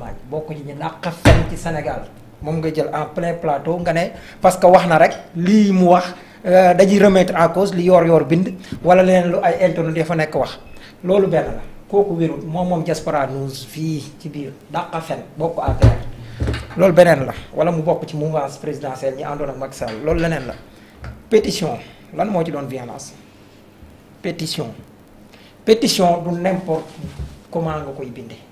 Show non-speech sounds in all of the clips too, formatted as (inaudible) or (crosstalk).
laaj bokk ci ñu nàq fen ci Sénégal moom nga jël en plein plateau nga ne parce que wax na rek lii mu wax euh, dañuy remettre en cause li yor-yor bind wala leneen lu ay internet fa nekk wax loolu benn la kooku wérul moom moom Diaspora News fii ci biir ndax fen bokk affaire loolu beneen la wala mu bokk ci mouvance présidentielle ñi àndoon ak Macky Sall loolu leneen la pétition lan moo ci doon violence pétition pétition du n'importe comment nga koy bindee.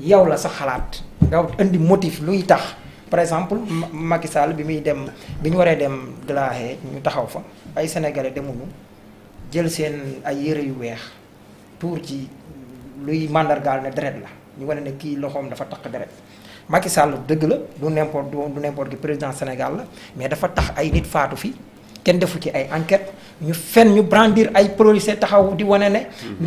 yow la sa xalaat nga indi motif luy tax par exemple Macky Sall bi muy dem bi ñu waree dem Delahaye ñu taxaw fa ay sénégalais demuñu jël seen ay yëre yu weex tuur ci luy màndargaal ne deret la ñu wane ne kii loxoom dafa takk deret Macky Sall dëgg la du n'importe du n'importe qui président Sénégal la mais dafa tax ay nit faatu fi kenn defu ci ay enquête ñu fen ñu brandir ay policier taxaw di wane ne.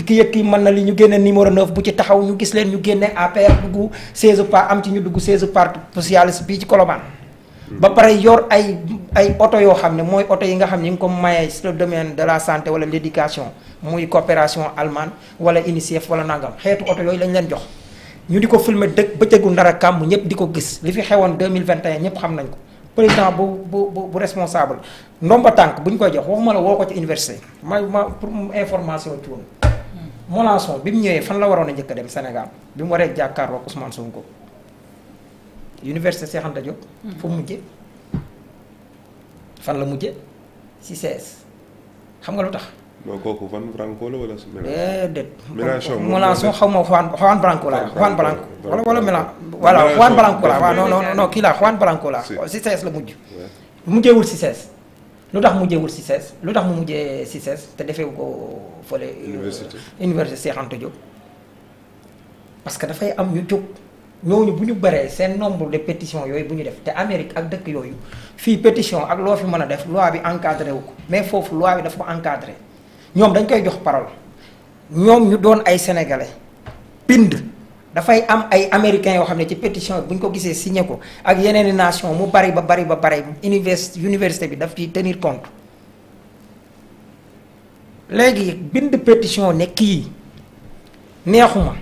ki yëg kii mën na li ñu génne numéro 9 bu ci taxaw ñu gis leen ñu génne APR dugg 16 par am ci ñu dugg 16 parti socialiste bii ci Colobane. ba pare yor ay ay oto yoo xam ne mooy oto yi nga xam ne ñu ngi ko maye sur le domaine de la santé wala l'éducation muy coopération allemande wala UNICEF wala nangam xeetu oto yooyu lañ leen jox. ñu di ko filmer dëkk bëccëgu ndara kàmb ñëpp di ko gis li fi xewoon 2021 ñëpp xam nañ ko. président bu bu bu responsable ndomba tànk bu ñu koy jox waxuma la woo ko ci université ma ma pour information tuun Mélenchon hmm. bi mu ñëwee fan la waroon a njëkk a dem Sénégal bi mu waree jàkkaarloo Ousmane Sonko université Cheikh Anta Diop. Hmm. fu mu mujjee la mujjee ci CS xam nga lu tax. non kooku Juan Branco la wala su Mélenchon. déet Mélenchon Mélenchon xaw ma Juan Juan Branco la Juan Branco. wala wala Mélenchon voilà Juan Branco la waaw non non non kii la Juan Branco la. si oh, sees la mujj. mujjeewul si sees. lu tax mujjeewul si sees lu tax mu mujjee si sees te defeewu ko fële. Euh, université université Cheikh Anta Diop. parce que dafay am ñu jóg ñooñu bu ñu baree seen nombre de pétition yooyu bu ñu def te Amérique ak dëkk yooyu fii pétition ak loo fi mën a def loi bi encadré wu ko mais foofu loi bi dafa ko encadré. ñoom dañ koy jox parole ñoom ñu doon ay sénégalais bind dafay am ay américains yoo xam ne ci pétition bu ñu ko gisee signé ko ak yeneen i nation mu bari ba bari ba bari univers université bi daf ci tenir compte léegi bind pétition ne kii neexuma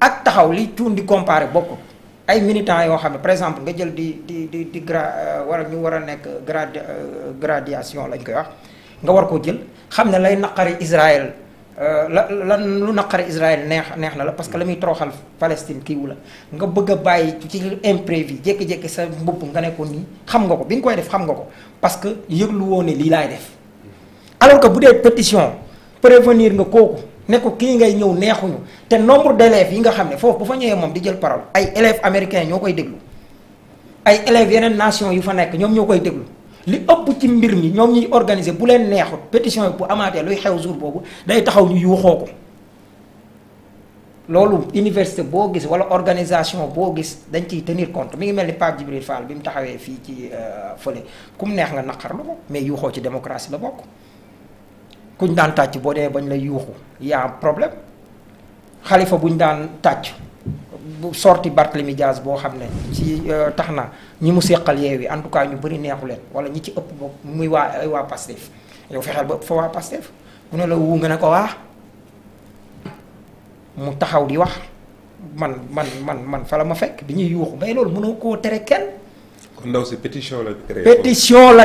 ak taxaw li tuun di comparé bokk ay militants yoo xam ne par exemple nga jël di di di di gra euh, war a ñu war a nekk grad euh, gradation lañ koy wax nga war koo jël xam ne lay naqari Israël euh, la lan lu naqari Israël neex neex na la parce que la muy toroxal Palestine kiiwu la nga bëgg a bàyyi ci imprévu jékki-jékki sa mbubb nga ne ko nii xam nga ko bi nga koy def xam nga ko parce que yëglu woo ne lii laay def alors que bu dee pétition prévenir nga kooku ne ko kii ngay ñëw neexuñu te nombre d' élèves yi nga xam ne foofu bu fa ñëwee moom di jël parole ay élèves américains ñoo koy déglu ay élèves yeneen nation yu fa nekk ñoom ñoo koy déglu li ëpp ci mbir mi ñoom ñuy organiser bu leen neexut pétition yi bu amaatee luy xew jour boobu day taxaw ñu yuuxoo ko loolu université boo gis wala organisation boo gis dañ ciy tenir compte mi ngi mel ni Pape Djibril Fall bi mu taxawee fii ci euh, fële ku mu neex nga naqar la ko mais yuuxoo ci démocratie la bokk kuñ daan tàcc boo dee bañ la yuuxu y a problème xalifa buñ daan tàcc bu sorti Barthélemy Diaz boo xam ne ci euh, tax na ñi mu seqal yeewi en tout cas ñu bëri neexu leen wala ñi ci ëpp boog muy waa ay waa Pastef yow fexeel ba ëpp fa waa Pastef bu ne la wu nga ne ko waa mu taxaw di wax man man man man fa la ma fekk bi ñuy yuuxu may loolu mënoo koo tere kenn. kon ndaw si pétition la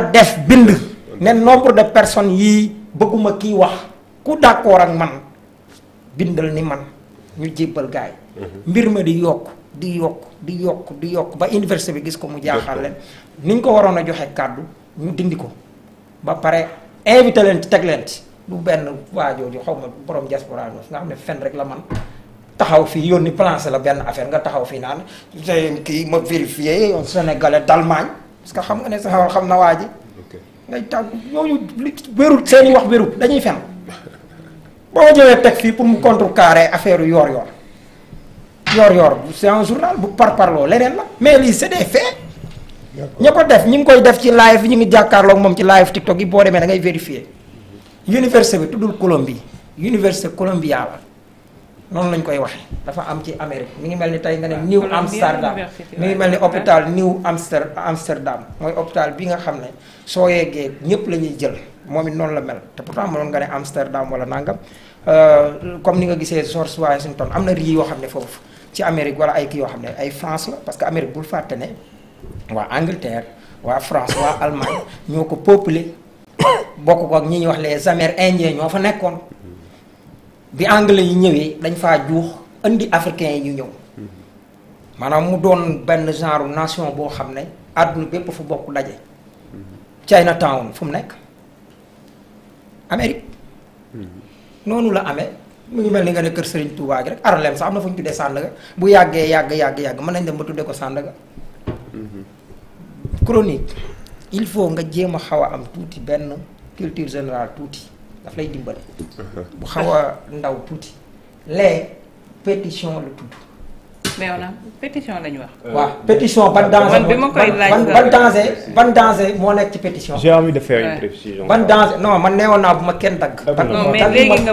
la def bind. ne nombre de personnes yii bëgguma kiy wax ku d'accord ak man bindal ni man. ñu jébbal gaay mbir ma di yokk di yokk di yokk di yokk ba université bi gis ko mu jaaxal leen ni ñu ko waroon a joxe kàddu ñu dindi ko ba pare invité leen ci teg leen ci du benn waajooju xaw ma borom diaspora nga xam ne fen rek la man taxaw fii yoon yónni plancé la benn affaire nga taxaw fii naan te kii ma vérifié un sénégalais d'Allemagne parce que xam nga ne sa xam na waa ji ngay tàgg ñooñu wérul seen i wax wérul dañuy fen boo ñëwee teg fii pour mu contrecarrer affaire yoor yoor yoor yoor c'est un journal bu par parloo leneen la mais lii c'est des faits ko def ñu ngi koy def ci live ñu ngi jàkkaarloog moom ci live TikTok yi boo demee da ngay vérifier université bi tuddul Colombie université Columbia la noonu lañ koy waxee dafa am ci Amérique mi ngi mel ni tey nga ne New Amsterdam mi ngi mel ni hôpital New Amster Amsterdam mooy hôpital bi nga xam ne soo yeggee ñëpp la ñuy jël moom it noonu la mel te pourtant mënoon nga ne Amsterdam wala nangam euh, comme ni nga gisee George Washington am na rii yoo xam ne foofu ci Amérique wala ay kii yoo xam ne ay France la parce que Amérique bul fàtte ne waa Angleterre waa France waa Allemagne ñoo ko peuplé bokk ko ak ñi ñuy wax les Amérindiens ñoo fa nekkoon bi anglais yi ñëwee dañ faa juux indi africains yi ñu ñëw maanaam mu doon benn genre nation boo xam ne àdduna bépp fu bokk daje mm-hmm. Chinatown fu mu nekk Amérique noonu la amee mu ngi mel ni nga ne kër Serigne Touba gi rek Harlem sax am na fu ñu tuddee Sandaga bu yàggee yàgg yàgg yàgg mën nañ dem ba tuddee ko Sandaga mhm. chronique il faut nga jéem a xaw a am tuuti benn culture générale tuuti daf lay dimbale uh-huh. bu xaw ndaw tuuti les pétitions la tudd mais on a pétition la ñu wax. Euh, waaw pétition ban danger. man bi ma koy laaj ban danger ban danger moo nekk ci pétition. j'ai envie de naa bu ma kenn dagg. non ah, mais léegi nga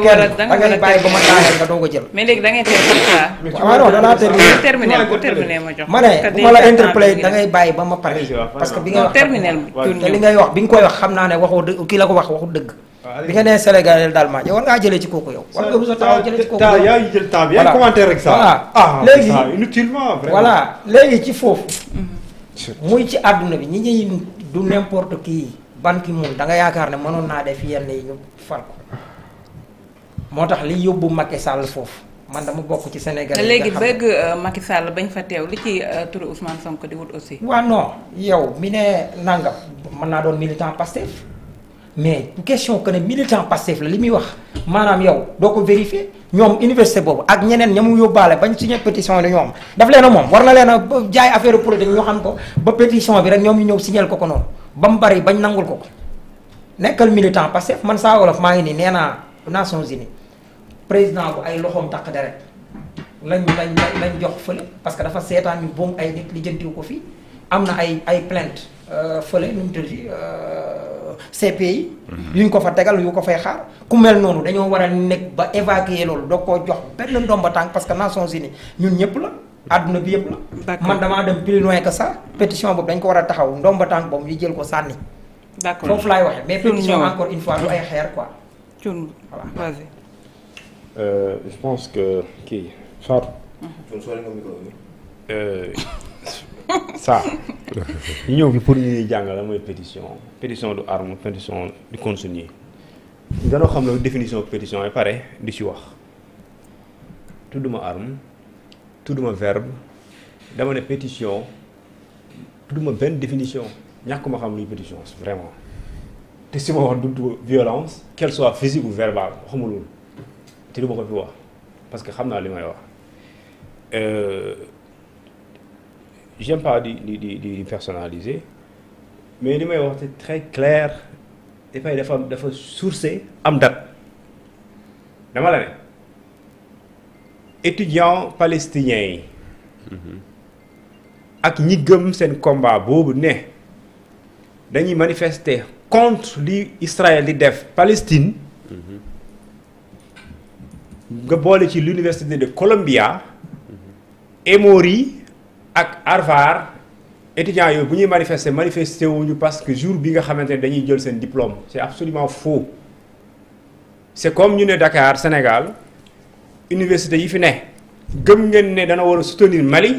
bàyyi ba ma daaneel nga doog a jël. mais léegi da ngay terminer. waaw ah, non danaa terminer. ma jox. ma ne bu ma la interpellé da bàyyi ba ma pare. parce que bi nga wax terminer te li ngay wax bi nga koy wax xam naa ne waxoo dëgg kii la ko wax waxu dëgg. bi nga nee Sénégal daal maa war ngaa jëlee ci kooku yow. war nga rusa taxaw jëlee ci kooku yow yaa jël temps bi yaa ngi commenté rek ça. ah léegi inutilement léegi ci foofu. muy ci àdduna bi ñi ñuy du n'importe kii ban ki mun da nga yaakaar ne mënoon naa def yenn yi ñu far ko moo tax li yóbbu Macky sàll foofu. man dama bokk ci Sénégal yi léegi bëgg euh, Macky Sall bañ fa teew li ci euh, turu Ousmane Sonko di wut aussi. waaw non yow mi ne nangam mën naa doon militant Pastef. mais question que ne militant Pastef la li muy wax maanaam yow doo ko vérifier ñoom université boobu ak ñeneen ña mu yóbbaale bañ signé pétition yi ñoom daf leen a moom war na leen a jaay affaire politique ñoo xam ko ba pétition bi rek ñoom ñu ñëw signal ko ko noonu ba mu bari bañ nangul ko ko nekkal militant Pastef man saa wolof maa ngi nii nee naa Nations Unies président bu ay loxoom taq deret lañ lañ lañ jox fële parce que dafa seetaan boom ay nit ko fii am na ay ay plainte euh, fële nu mu tëdd euh, CPI. yu ñu ko fa tegal yu ko fay xaar ku mel noonu dañoo war a nekk ba évacuer loolu doo ko jox benn ndomba tànk parce que Nations Unies ñun ñëpp la. àdduna bi yëpp la. man damaa dem plus loin que ça. pétition boobu dañ ko war a taxaw ndomba tànk boobu ñu jël ko sànni. d'accord foofu laay waxee mais pétition encore une fois du xeer quoi. y euh, je pense que ça ñu (laughs) ñëw fi pour ñu jàng jàngale mooy pétition pétition du arme pétition du consigné danoo xam ne définition pétition ba pare di ci wax tudduma arme tudduma verbe dama ne pétition tudduma benn définition ñàkk ma xam luy pétition vraiment te si ma wax du violence qu'elle soit physique ou verbale waxuma loolu te du ma ko fi wax parce que xam naa li may wax. Euh, j'aime pas di di di di mais li may wax c'est très claire dafay dafa dafa sourcé am date dama la ne étudiants palestiniens yi mhm. ak ñi gëm seen combat boobu ne dañuy manifeste contre li Israël di def Palestine mhm. nga boole ci l'université de Columbia mhm. Emory ak Arvar étudiants yooyu bu ñuy manifester manifester wuñu parce que jour bi nga xamante ne dañuy jël seen diplôme c'est absolument faux c'est comme ñu ne dakaar Sénégal université yi fi ne gëm ngeen ne dana war a soutenir Mali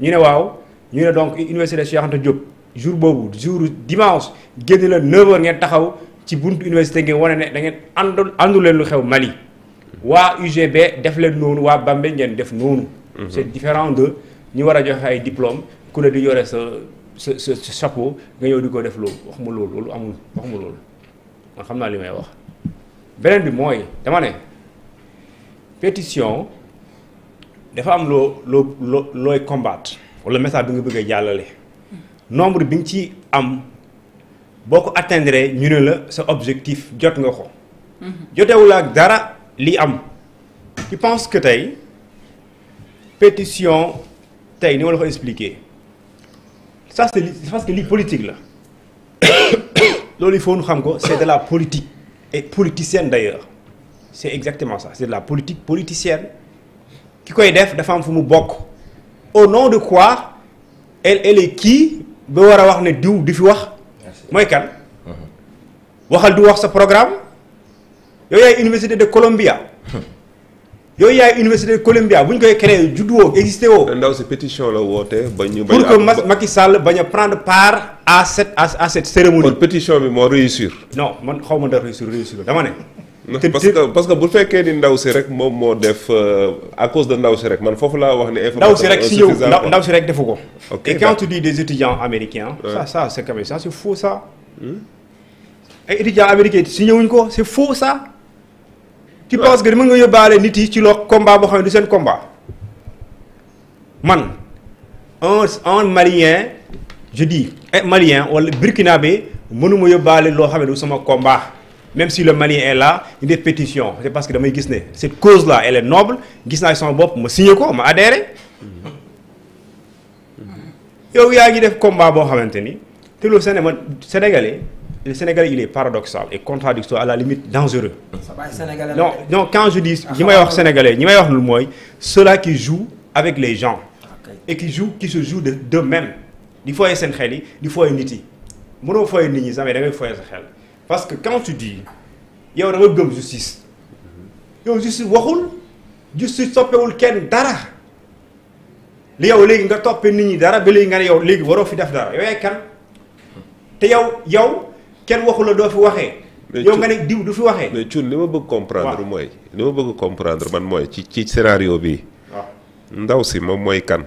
ñu ne waaw ñu ne donc université Cheikh Anta Diop jour boobu jour dimanche génn la 9h ngeen taxaw ci buntu université ngeen wane ne da ngeen àndul àndu leen lu xew Mali waa UGB def leen noonu waa Bambey ngeen def noonu. Mhm. c'est différent ñu war a joxe ay diplôme ku ne di yore sa sa sa chapeau nga ñëw di ko def loolu waxuma loolu loolu amul waxuma loolu man xam naa li may wax. beneen bi mooy dama ne pétition dafa am loo loo loo looy combattre wala message bi nga bëggee jàllale nombre bi nga ci am boo ko atteindre ñu ne la sa objectif jot nga ko. Mhm. jotewul ak dara li am. je pense que tey pétition. tey ni ma la ko expliquer ça que lii politique la (coughs) loolu il faut nu xam ko c'est de la politique et politicienne d'ailleurs c'est exactement ça c'est de la politique politicienne ki koy def dafa am fu mu bokk au nom de quoi elle elle kii ba war a wax ne diw di fi wax mooy kan mhm. waxal du wax sa programme yow yaay université de Columbia (laughs) yooyu yaay université Columbia bu ñu koy créé juddu woo existé woo. ndaw si pétition la woote ba ñu. pour que Macky Sall bañ a prendre part à cette à cette cérémonie. kon pétition bi moo réussir. non man xaw ma da réussir réussir dama ne. te parce que parce que bu fekkee ni ndaw si rek moom moo def euh, à cause de ndaw si rek man foofu laa wax ne. information ndaw si rek si yow ndaw si rek defu ko. ok et quand tu des étudiants américains. ça ça c' est quand même ça c' est faux si ñëwuñ ko c' est faux ça. Hmm? tu penses que mën nga yóbbaale nit ci loo combat boo xam ne du seen combat un un malien je malien wala burkinabé mënuma yóbbaale loo xam ne du sama combat même si le Malien est là ñu def parce que damay gis ne cette cause la elle noble gis naa sama bopp ma signé ko ma adhéré yow yaa ngi def combat boo xamante ni te loolu Sénégal Sénégalais. le Sénégalais il est paradoxal et contradictoire à la limite dangereux. non non quand je dis ah, ñi may wax sénégalais ñi may wax lu mooy ceux-là qui jouent avec les gens. et qui jouent qui se jouent de d'eux-mêmes di foyee seen xel yi di foyee nit yi mënoo foyee nit ñi sax mais da ngay foyee sa xel parce que quand tu dis yow da nga gëm justice yow justice waxul justice soppewul kenn dara li yow léegi nga toppee nit ñi dara ba léegi nga ne yow léegi waroo fi def dara yow kan te yow yow. kenn waxu la doo fi waxee. yow nga ne diw du fi waxee. mais Thioune li ma bëgg comprendre mooy. li ma bëgg comprendre man mooy ci ci scénario bi. waaw ndaw si moom mooy kan.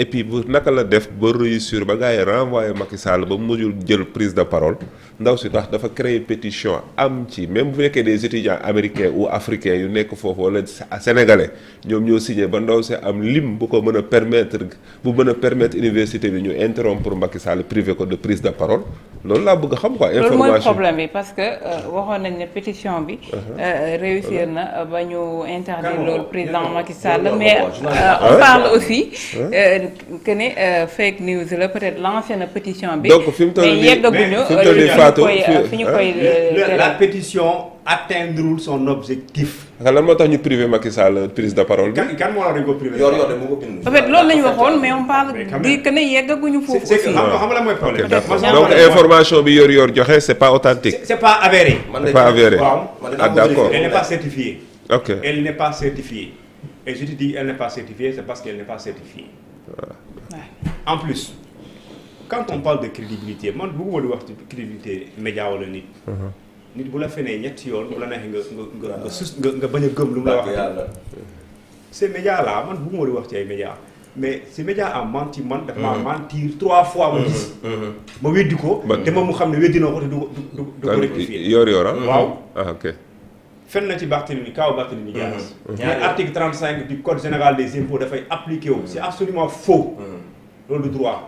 et puis bu naka la def ba réussir ba gars yi renvoyé Macky Sall ba mu mujjul jël prise de parole ndaw si tax dafa créer pétition am ci même bu nekkee des étudiants américains ou africains yu nekk foofu wala sénégalais ñoom ñoo signé ba ndaw si am lim bu ko mën a permettre bu mën a permettre université bi ñu interrompre Macky Sall privé ko de prise de parole loolu laa bëgg xam ko information loolu mooy problème bi parce que euh, waxoon nañ ne pétition bi. Uh-huh. Euh, euh, réussir na ba ñu interdire loolu président Macky Sall mais on parle aussi que ne fake news la peut-être lancé na pétition bi. donc fi mu toll nii mais yeggaguñu fi ñu fi ñu koy la pétition. atteindrewul son objectif. xam lan moo tax ñu privé Macky Sall prise de parole bi. kan kan moo la dañ ko privé. yor yor de moo loolu la waxoon mais on parle di que ne yeggaguñu foofu. aussi xam nga mooy problème. donc information bi yor yor joxe c'est pas authentique. c'est pas avéré. Ah, d'accord elle n'est pas certifiée. ok elle n'est pas certifiée. c'est parce qu'elle n'est pas certifiée. en plus. quand on parle de crédibilité man bëgguma di wax ci crédibilité média wala nit. Mhm. nit bu la fenee ñetti yoon bu la neexee nga nga nga sus nga bañ a gëm lu mu la wax ces médias là man bu ma di wax ci ay médias mais média médias a ci man daf maa mm-hmm. mentir trois fois ma gis mm-hmm. Mm-hmm. ma weddi ko te moom mu xam ne weddi na ko te du du du ko rectifier yoor yoora ah? waaw ah ok fen na ci Barthélémy kaw Barthélémy Dias du code général des impôts dafay appliqué wu c'est absolument faux loolu du droit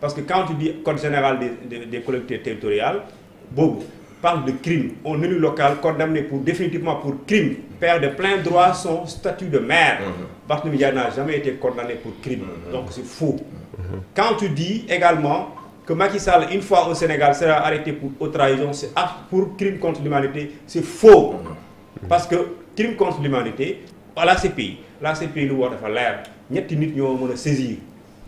parce que quand tu dis code général des des collectivités territoriales boobu parle de crime. Un élu local condamné pour, définitivement pour crime perd de plein droit son statut de maire. Mm -hmm. n'a jamais été condamné pour crime. Mm -hmm. Donc c'est faux. Mm -hmm. Quand également que Macky Sall, une fois au Sénégal, sera arrêté pour haute trahison, c'est ah, pour crime contre l'humanité, c'est faux. Mm-hmm. Parce que crime contre l'humanité, à la CPI, la CPI, nous avons l'air, nous saisir.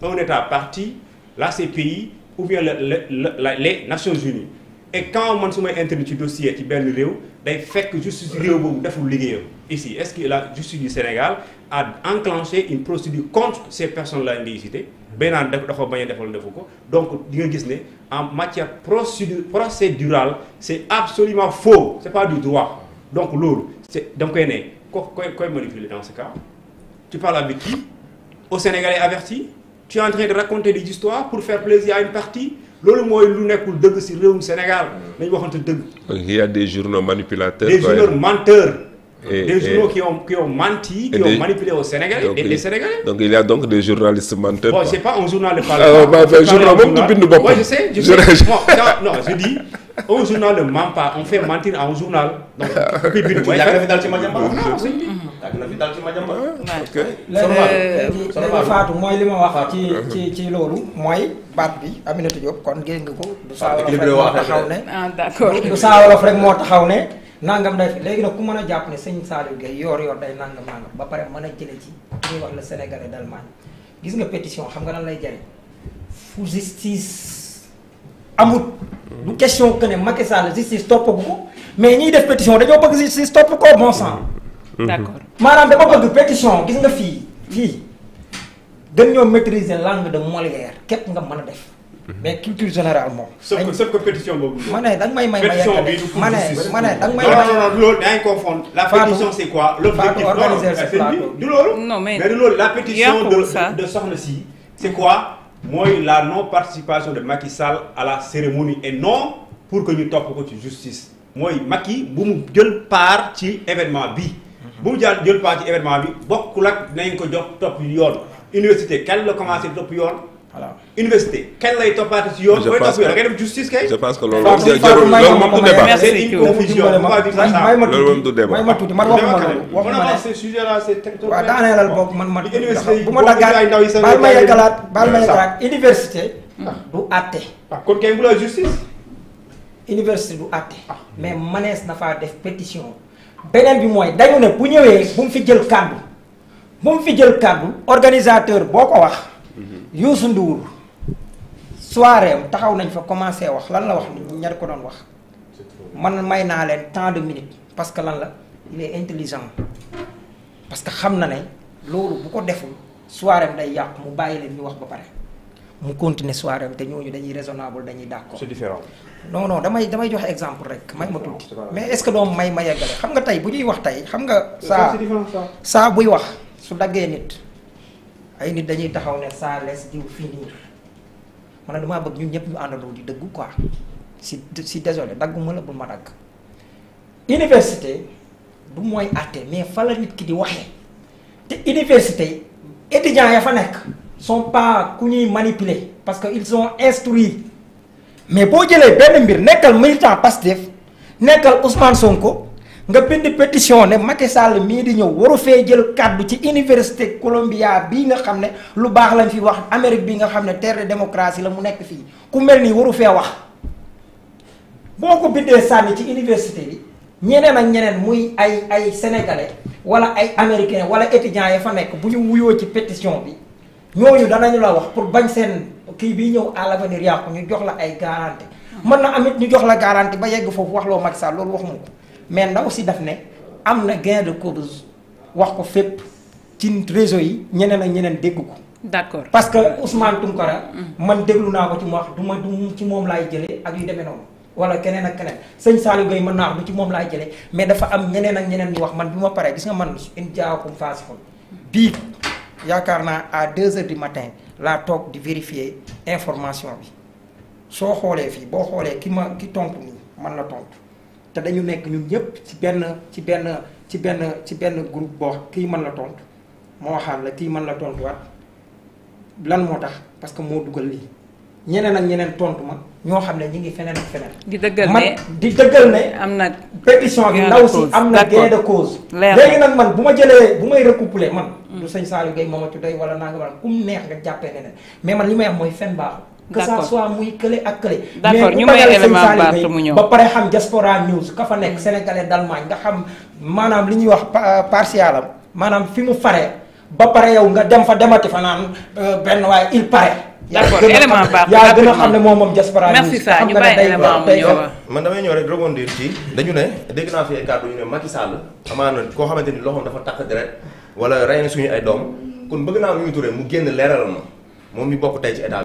On est à partie, la CPI, ou bien le, le, les Nations Unies. e quand man su may intervenir ci dossier ci benn réew day fekk justice réew boobu deful liggéeyam ici est-ce que la justice du Sénégal a enclenché une procédure contre ces personnes là ngay cité bay naan dafa bañ a defal defu ko donc di gis ne en matière procédure procédurale c'est absolument faux c'est pas du droit donc loolu c'est da nga koy ne ko koy koy manipuler dans ce cas tu parles avec qui au Sénégalais averti tu en train de raconter des histoires pour faire plaisir à une loolu mooy lu nekkul dëgg si réewum Sénégal nañu waxante dëgg. donc il y a des journaux manipulateurs. des journaux menteurs. Et, des journaux qui ont qui ont menti, qui des, ont manipulé au Sénégal donc, et les Sénégalais. Donc il y a donc des journalistes menteurs. Bon, c'est pas un journal de ah, parler. Euh, journal moom du bind je sais, je, (laughs) sais. non, je dis un journal ne ment pas, fait mentir à un journal. Donc ku koy bind mooy. Yàgg na fi dal léegi ma wax. ci ci ci loolu. mooy baat bi Aminata ko. du ah, saa wolof rek moo taxaw ne ah d'accord du saa ne. nangam day fi léegi nag ku man a jàpp ne sëñ Saliou Gueye yor-yor day nangam nangam ba pare mën a jële ci ñuy wax le Sénégalais d'Allemagne gis nga pétition xam nga lan lay jariñ fu justice amut. du question que ne Macky Sall justice topp ko mais ñiy def pétition dañoo bëgg justice topp ko bon sang. Mhm. d'accord maanaam dama bëgg pétition gis nga fii fii dañ ñoo maîtriser langue de Molière képp nga man a def. Mhm. mais culture générale moom. sauf que pétition boobu. ma ne danga may may ma yeggalee ma ne ma ne danga may. non non non loolu ngi confondre. la pétition c'est quoi l'objectif non du loolu. non mais du loolu de de soxna si. c'est quoi mooy la non participation de Macky Sall à la cérémonie et non pour que ñu topp ko ci justice mooy Macky bu mu jël part ci événement bi. bu mu jaar jël pas ci événement bi bokkul ak nañ ko jox topp yoon université kañ la commencé topp yoon voilà université kenn lay toppaati si yoon. je pense que da ngay dem justice kay. je pense que loolu moom du débat. c'est une confusion moom du débat. may ma tuuti man waxuma loolu. waxuma ne waaw bokk man man. bu ma daggaat baal ma yeggalaat baal ma yeggalaat université. Ah. du àtte. Ah, kon kay bu la justice. université du àtte. Ah. mais mënees na faa def pétition. beneen bi mooy dañu ne bu ñëwee bu mu fi jël kàddu bu mu fi jël kàddu organisateur boo ko wax mhm. Youssou Ndour soirée taxaw nañ fa commencé wax lan la wax nit ñi ko doon wax man may naa leen tant de minutes parce que lan la il est intelligent parce que xam na ne loolu bu ko deful soirée day yàqu mu bàyyi leen ñu wax ba pare mu continuer soirée am te ñooñu dañuy raisonnable dañuy d'accord. c'est différent. non non damay damay jox exemple rek may ma tuuti. mais est-ce que doom may ma yeggale xam nga tey bu ñuy wax tey xam nga. saa saa buy wax su daggee nit. ay nit dañuy taxaw ne saa lees jiw fii man ne damaa bëgg ñun ñëpp ñu àndandoo di dëggu quoi si si désolé daggu ma la bul ma dagg. université du mooy àtte mais fa la nit ki di waxee te université étudiants ya fa nekk. son pas ku ñuy manipuler parce que ils sont instruits mais boo jëlee benn mbir nekkal militant Pastef nekkal Ousmane ko nga bind pétition ne Macky Sall mii di ñëw waru fee jël kàddu ci université colombia bii nga xam ne lu baax lañ fi wax Amérique bi nga xam ne terre de démocratie la mu nekk fii ku mel nii waru fee wax boo ko bindee sànni ci université bi ñeneen ak ñeneen muy ay ay sénégalais wala ay américains wala étudiants yi fa nekk bu ñu wuyoo ci pétition bi. ñooñu danañu la wax pour bañ seen kii bi ñëw à l'avenir yàqu ñu jox la ay garanti mën na amit ñu jox la garanti ba yegg foofu wax loo mag Sall loolu waxuma ko mais ndaw si ne am na gain de wax ko fépp ci réseau yi ñeneen ak ñeneen dégg ko. d'accord parce que Ousmane Tounkara. Mm. man déglu naa ko mu wax du ma du ci moom laay jëlee ak yu deme noonu. wala keneen ak keneen sëñ Saliou Gueye mën naa wax du ci moom laay jëlee mais dafa am ñeneen ak ñeneen ñu wax man bi ma paree gis nga man in jaakum faasixun bii. yaakaar naa à deux heures du matin laa toog di vérifier information bi soo xoolee fii boo xoolee ki ma ki tontu nii man la tontu te dañu nekk ñun ñëpp ci benn ci benn ci benn ci benn groupe boo kii mën la tontu moo waxaat la kii mën la tontuwaat lan moo tax parce que moo dugal lii ñeneen ak ñeneen tontu ma. ñoo xam ne ñu ngi feneen ak feneen. di dëggal ne man di dëggal am na pétition bi ndaw si am na gain de cause. léegi nag man bu ma jëlee bu may recoupler man. Mm. du sëñ Saliou Gueye moom a tuddee wala naa nga wala kum neex nga jàppee neneen mais man li may am mooy fen baaxul. que ça soit muy kële ak kële. d'accord ñu may élément Barth mu ñëw mais bu ma ba pare xam diaspora news ka fa nekk mm. sénégalais d'Allemagne nga xam maanaam li ñuy wax euh, partialam maanaam fi mu fare ba pare yow nga dem fa demati fanaan euh, benn waaye il paraît. d'accord élément baax yaa gën a xam ne moom moom diaspora merci ça ñu bàyyi élément mu man damay ñëw rek rebondir ci dañu ne dégg naa fi kàddu ñu ne Macky Sall amaana koo xamante ni loxoom dafa takk deret wala rey na suñu ay doom kon bëgg naa Mimi Touré mu génn leeralal ma moom mi bokk tey ci état